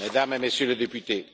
mesdames et messieurs les députés